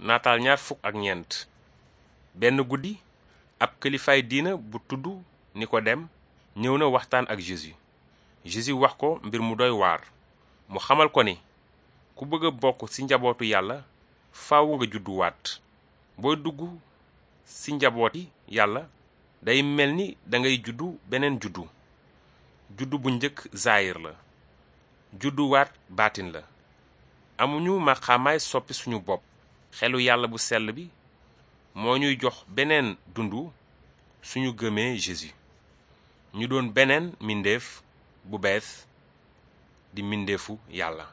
nataal ñaar fukk ak ñeent benn guddi ab kilifaay diina bu tudd Nikodem ñëw na waxtaan ak Jésus Jésus wax ko mbir mu doy waar mu xamal ko ni ku bëgg a bokk ci njabootu yàlla faawu nga judduwaat booy dugg ci njabooti yàlla day mel ni dangay juddu beneen juddu juddu bu njëkk zaayir la judduwaat baatin la amuñu maqaamaay soppi suñu bopp xelu yàlla bu sell bi moo ñuy jox beneen dundu suñu gëmee Jésus ñu doon beneen mbindeef bu bees di mbindeefu yàlla